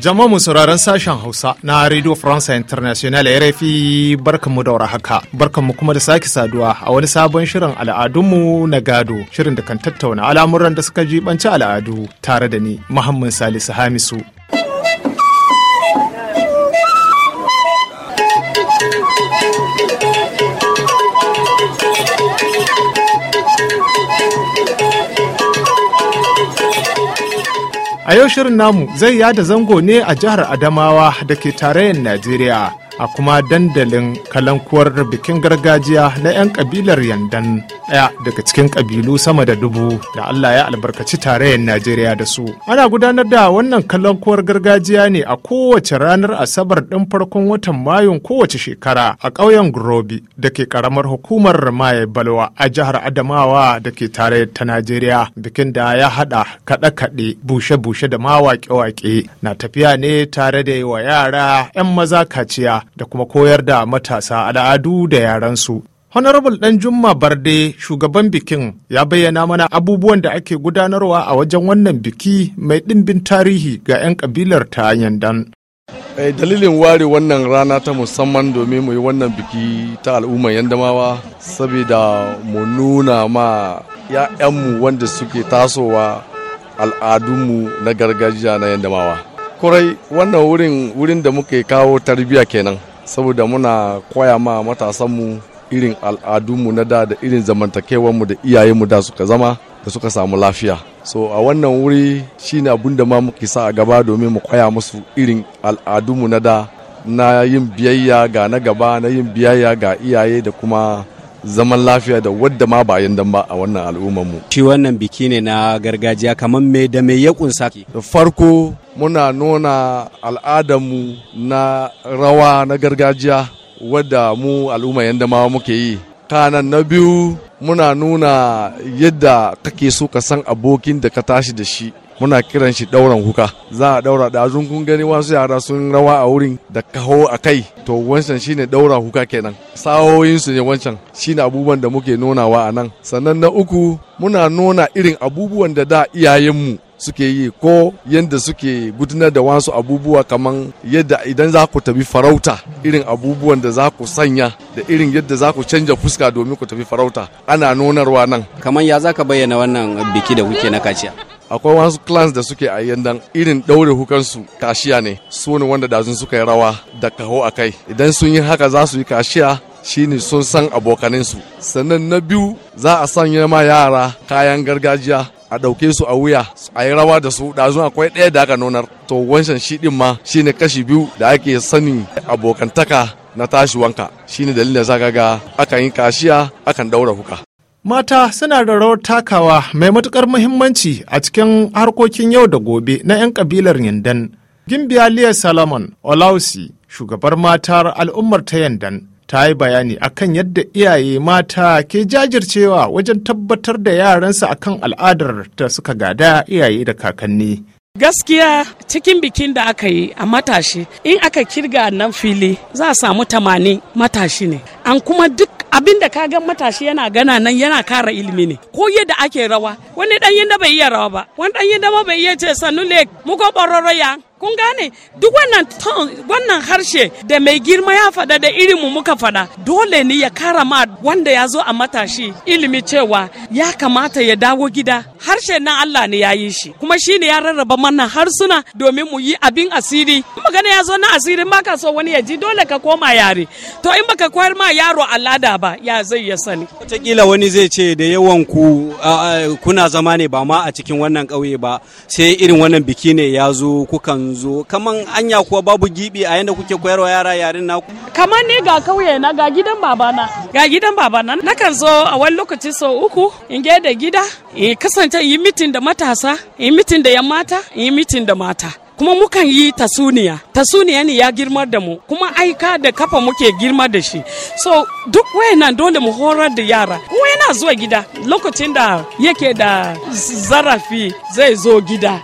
Jama'a mu sauraron sashen Hausa na Radio France International RFI barkanmu da haka barkanmu kuma da sake saduwa a wani sabon shirin al'adunmu na gado shirin da kan tattauna al'amuran da suka jibanci al'adu tare da ni Muhammad Salisu Hamisu. A yau shirin namu zai yada zango ne a jihar Adamawa da ke tarayyar Najeriya. a kuma dandalin kalankuwar bikin gargajiya na 'yan kabilar yandan ɗaya daga cikin kabilu sama da dubu da Allah ya albarkaci tarayyar Najeriya da su. Ana gudanar da wannan kalankuwar gargajiya ne a kowace ranar Asabar ɗin farkon watan Mayun kowace shekara a ƙauyen Gurobi da ke ƙaramar hukumar Maye Balwa a jihar Adamawa da ke tarayyar ta Najeriya. Bikin da ya haɗa kaɗe-kaɗe, bushe-bushe da ma waƙe-waƙe na tafiya ne tare da yi wa yara 'yan maza kaciya da kuma koyar da matasa al'adu da yarensu. Honorable Dan Jumma Barde shugaban bikin ya bayyana mana abubuwan da ake gudanarwa a wajen wannan biki mai ɗimbin tarihi ga 'yan kabilar ta Yandan. Eh, dalilin ware wannan rana ta musamman domin mu yi wannan biki ta al'ummar Yandamawa saboda mu nuna ma 'ya'yanmu wanda suke tasowa al'adunmu na gargajiya na Yandamawa. kurai wannan wurin wurin da muke kawo tarbiyya kenan saboda muna koya ma matasanmu irin al'adunmu na da da irin zamantakewanmu da iyayenmu da suka zama da suka samu lafiya so a wannan wuri shi ne abin da ma muke sa a gaba domin mu koya musu irin al'adunmu na da na yin biyayya ga na gaba na yin biyayya ga iyaye da kuma zaman lafiya da wadda ma ba yandan ba a wannan al'ummar mu shi wannan biki ne na gargajiya kamar me da me ya kunsa da farko muna nuna al'adarmu na rawa na gargajiya wadda mu al'umma yanda ma muke yi kanan na biyu muna nuna yadda kake so ka san abokin da ka tashi da shi muna kiran shi dauran kuka za a daura da kun gani wasu yara sun rawa a wurin da kaho a kai to wancan shine daura kuka kenan sawoyin su ne wancan shine abubuwan da muke nonawa a nan sannan na uku muna nuna irin abubuwan da da iyayenmu suke yi ko yadda suke gudanar da wasu abubuwa kamar yadda idan za ku tafi farauta irin abubuwan da za ku sanya da irin yadda za ku canja fuska domin ku tafi farauta ana nonarwa nan kamar ya za ka bayyana wannan biki da kuke na kaciya akwai wasu clans da suke a yandan irin ɗaure hukansu kashiya ne su ne wanda dazun suka yi rawa da kaho a kai idan sun yi haka za su yi kashiya shine sun san abokaninsu sannan na biyu za a sanya ma yara kayan gargajiya a ɗauke su a wuya a yi rawa da su ɗazun akwai ɗaya da aka nonar to wancan shi ɗin ma shine kashi biyu da ake sanin abokantaka na tashi wanka shine dalilin da za ga akan yi kashiya akan ɗaura huka Mata suna da rawar takawa mai matukar muhimmanci a cikin harkokin yau da gobe na 'yan kabilar Yandan. Gimbiya liyar Salomon Olausi, shugabar matar al'ummar ta Yandan, ta yi bayani akan yadda iyaye mata ke jajircewa wajen tabbatar da yaransa akan al'adar da suka gada iyaye da kakanni. Gaskiya cikin bikin da aka yi a matashi in aka kirga nan fili za a samu tamani matashi ne, an kuma duk abinda ka ga matashi yana gana nan yana kara ilimi ne ko yadda ake rawa wani dan yanda bai iya rawa ba wani dan yanda ma bai iya ce sannu le mu ko kun gane duk wannan wannan harshe da mai girma ya faɗa da irin mu muka fada dole ne ya kara ma wanda ya zo a matashi ilimi cewa ya kamata ya dawo gida harshe na Allah ne ya yi shi kuma shi ne ya rarraba mana harsuna domin mu yi abin asiri magana ya zo na asiri ma ka so wani ya ji dole ka koma yare to in baka koyar ma yaro al'ada ba ya zai ya sani wataƙila wani zai ce da yawan ku kuna zama ne ba ma a cikin wannan ƙauye ba sai irin wannan biki ne ya zo kukan yanzu kaman anya kuwa babu gibi a yanda kuke koyarwa yara yaren naku kaman ne ga kauye na ga gidan babana ga gidan babana nakan zo a wani lokaci sau uku in ge da gida in kasance yi mitin da matasa yi mitin da yan mata da mata kuma mukan yi tasuniya tasuniya ne ya girma da mu kuma aika da kafa muke girma da shi so duk wayannan dole mu horar da yara yana zuwa gida lokacin da yake da zarafi zai zo gida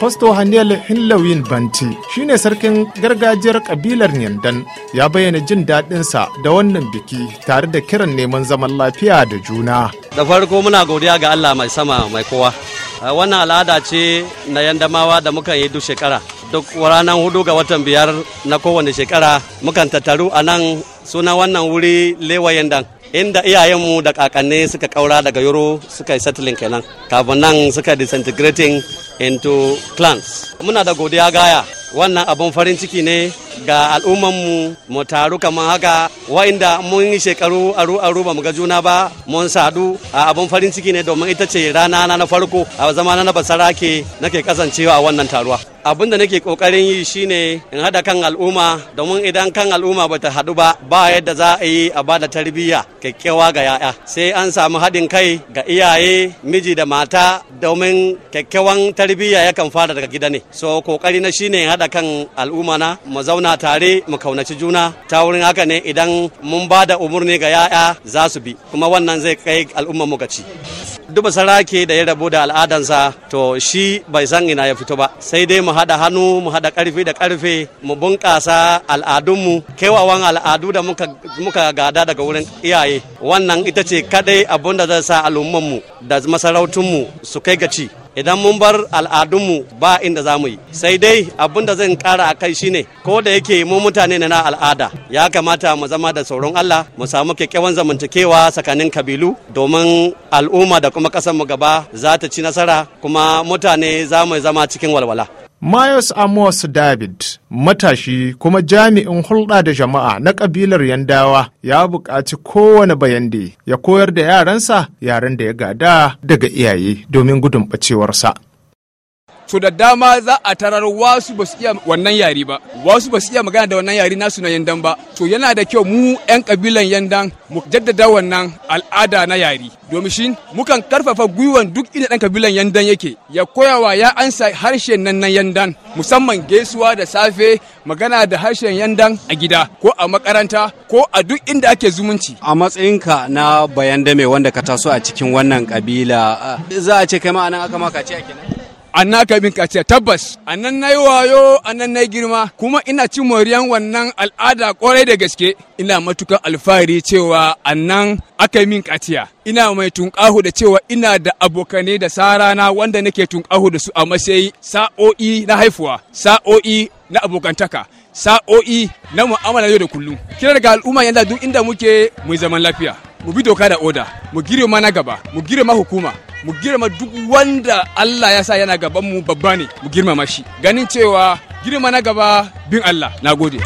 Fasto Haniel Hinlawin Banti shine sarkin gargajiyar kabilar Nyandan ya bayyana jin daɗinsa da wannan biki tare da kiran neman zaman lafiya da juna. Da farko muna godiya ga Allah mai sama mai kowa. Wannan al'ada ce na Yandamawa da muka yi duk shekara. Duk ranar hudu ga watan biyar na kowane shekara mukan tattaru a nan sunan wannan wuri lewa Yandan. inda iyayenmu da kakanni suka kaura daga yoro suka yi settling kenan kafin nan suka disintegrating into clans muna da godiya gaya wannan abin farin ciki ne ga al'ummanmu mu taru kamar haka wa'inda mun yi shekaru aru aru ba mu ga juna ba mun sadu a abin farin ciki ne domin ita ce rana na farko a zama na basara ke nake kasancewa a wannan taruwa abin da nake kokarin yi shine in hada kan al'umma domin idan kan al'umma bata hadu ba ba yadda za a yi a bada tarbiyya kyakkyawa ga yaya sai an samu haɗin kai ga iyaye miji da mata domin kyakkyawan tarbiyya yakan fara daga gida ne so kokari na shine in haɗa kan al'umma na mu zauna tare mu kaunaci juna ta wurin haka ne idan mun ba da umurni ga yaya za su bi kuma wannan zai kai al'umma mu gaci duba sarake da ya rabu da al'adansa to shi bai san ina ya fito ba sai dai mu haɗa hannu mu haɗa ƙarfi da ƙarfe mu bunƙasa al'adunmu kewawan al'adu da muka gada daga wurin iyaye wannan ita ce kadai abin da zai sa al'umman mu da masarautunmu su kai gaci idan mun bar al'adunmu ba inda za mu yi sai dai abin da zan kara a kai shine ko da yake mu mutane na na al'ada ya kamata mu zama da sauran Allah mu samu kyakkyawan zamantakewa tsakanin kabilu domin al'umma da kuma ƙasar mu gaba za ta ci nasara kuma mutane za mu zama cikin walwala Miles Amos David, matashi kuma jami'in hulɗa da jama'a na ƙabilar Yandawa ya buƙaci kowane bayande ya koyar da yaransa yaren da ya gada daga iyaye domin gudun ɓacewarsa. To da dama za a tarar wasu ba su iya wannan yari ba wasu ba su iya magana da wannan yari nasu na yandan ba to yana da kyau mu 'yan kabilan yandan mu jaddada wannan al'ada na yari. domin shi mukan karfafa gwiwan duk inda ɗan kabilan yandan yake ya koyawa ya ansa harshen nan na yandan musamman gaisuwa da safe magana da harshen yandan a gida ko a makaranta ko a duk inda ake zumunci a matsayinka na bayan dame wanda ka taso a cikin wannan kabila za a ce kai ma'anan aka maka ce a kenan annan aka bin kaciya tabbas annan na yi wayo annan na yi girma kuma ina cin moriyan wannan al'ada kwarai da gaske ina matukan alfahari cewa annan aka min kaciya ina mai tunƙahu da cewa ina da abokanai da sarana wanda nake tunƙahu da su a matsayi sa'o'i na haifuwa sa'o'i na abokantaka sa'o'i na mu'amala yau da kullum kira daga al'umma yanda duk inda muke mu zaman lafiya mu bi doka da oda mu girma na gaba mu girma hukuma mu girma duk wanda Allah ya sa yana gaban mu babba ne mu girmama shi ganin cewa girma na gaba bin Allah n'a gode.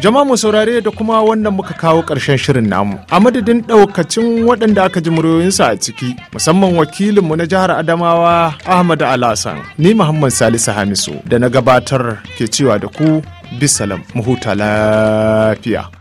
Jama'a mu saurare da kuma wannan muka kawo ƙarshen shirin namu. A madadin ɗaukacin waɗanda aka ji muryoyinsu a ciki, musamman wakilinmu na jihar Adamawa Ahmad Alasan, ni Muhammad Salisu Hamisu da na gabatar ke cewa da ku bisalam mu huta lafiya.